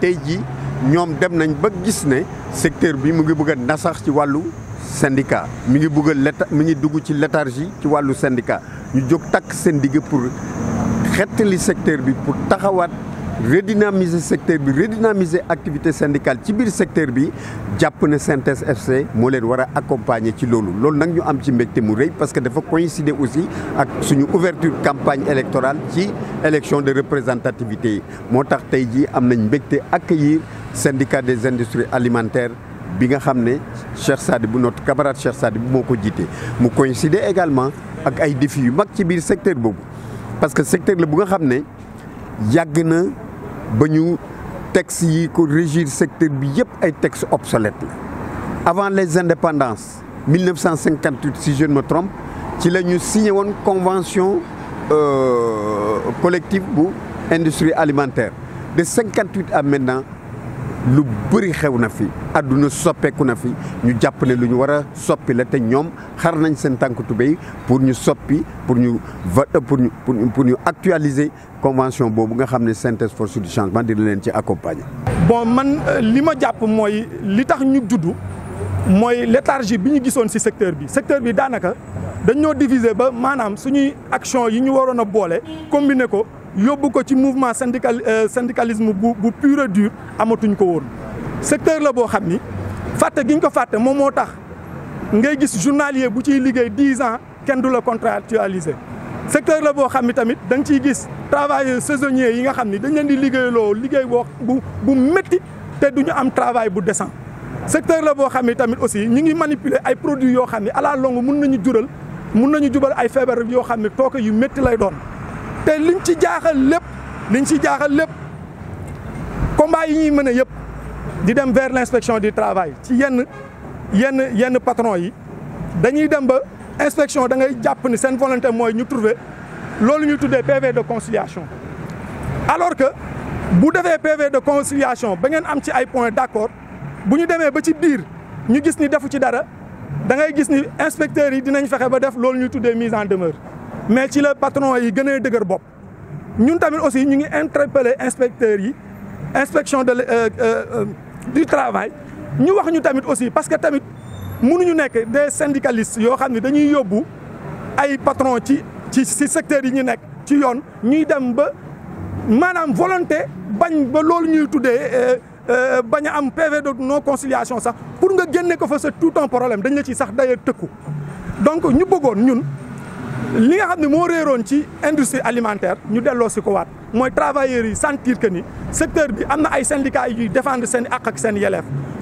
tey jii ñoom dem nañ ba gis ne secteur bi mu ngi bëgg a nasax ci wàllu syndicat mi ngi bëgg a ngi dugg ci léthargie ci wàllu syndicat ñu jóg takk seen digg pour xettali secteur bi pour taxawaat. redynamiser secteur bi redynamiser activité syndicale ci biir secteur bi jàpp na CNTS FC moo leen war a accompagner ci loolu loolu nag ñu am ci mbégte mu rëy parce que dafa coïncider aussi ak suñu ouverture campagne électorale ci élection de représentativité yi moo tax tey jii am nañ mbégte accueillir syndicat des industries alimentaire bi nga xam ne Cheikh bu notre camarade Cheikh bu moo ko jiite mu coïncider également ak ay défis yu mag ci biir secteur boobu parce que secteur la bu nga xam ne yàgg na ba ñu texte yi ko régir secteur bi yëpp ay texte obsolète la avant les indépendances 1958 si je ne me trompe ci la ñu signé woon convention euh, collective bu industrie alimentaire de 58 à maintenant lu bëri xew na fi àdduna soppeeku na fi ñu jàpp ne lu ñu war a soppi la te ñoom xar nañ seen tànk tubéy pour ñu soppi pour ñu euh, pour ñu pour ñu actualiser convention boobu nga xam ne synthèse force du changement dina leen ci accompagner. bon man euh, li ma jàpp mooy li tax ñu juddu mooy létargie bi ñu gisoon ci secteur bi secteur bi daanaka dañoo diviser ba maanaam suñuy action yi ñu waroon a boole combiner ko. yóbbu ko ci mouvement syndical euh, syndicalisme bu bu pur et dur ko woon. secteur la boo xam ni fàtte gi ñu ko fàtte moom moo tax ngay gis journalier bu ciy liggéey dix ans kenn du la contractualiser. secteur la boo xam ni tamit da nga ciy gis travailleurs saisonniers yi nga xam ni dañ leen di liggéeyloo liggéey boo bu bu métti te du ñu am travail bu décent. secteur la boo xam ni tamit aussi ñu ngi manipuler ay produits yoo xam ni à la mun nañu jural mun nañu jubal ay feebar yoo xam ni tooke yu métti lay doon. te liñ ci jaaxal lépp liñ ci jaaxal lépp combat yi ñuy mën a yëpp di dem vers l'inspection du travail ci yenn yenn yenn patron yi dañuy dem ba inspection da ngay jàpp ni seen volonté mooy ñu trouver loolu ñu tuddee PV de conciliation alors que bu defee PV de conciliation ba ngeen am ci ay points d'accord bu ñu demee ba ci biir ñu gis ni defu ci dara da ngay gis ni inspecteurs yi dinañ fexe ba def loolu ñuy tuddee mise en demeure mais ci la patron yi gën a dëgër bopp ñun tamit aussi ñu ngi interpellé inspecteurs yi inspection de euh, euh, euh, du travail ñu wax ñu tamit aussi parce que tamit mënuñu nekk des syndicalistes yoo xam ne dañuy yóbbu ay patron ci ci ci secteurs yi ñu nekk ci yoon ñuy dem ba maanaam volonté bañ ba loolu ñuy tuddee bañ a am PV de non conciliation sax pour nga génne ko fa sa tout un problème dañu la ciy sax d'ailleurs tëkku donc ñu bëggoon ñun. li nga xam ne moo réeroon ci industrie alimentaire ñu delloo si ko waat mooy travailleurs yi sentir que ni secteur bi am na ay syndicats yuy défendre seen àq ak seen yelleef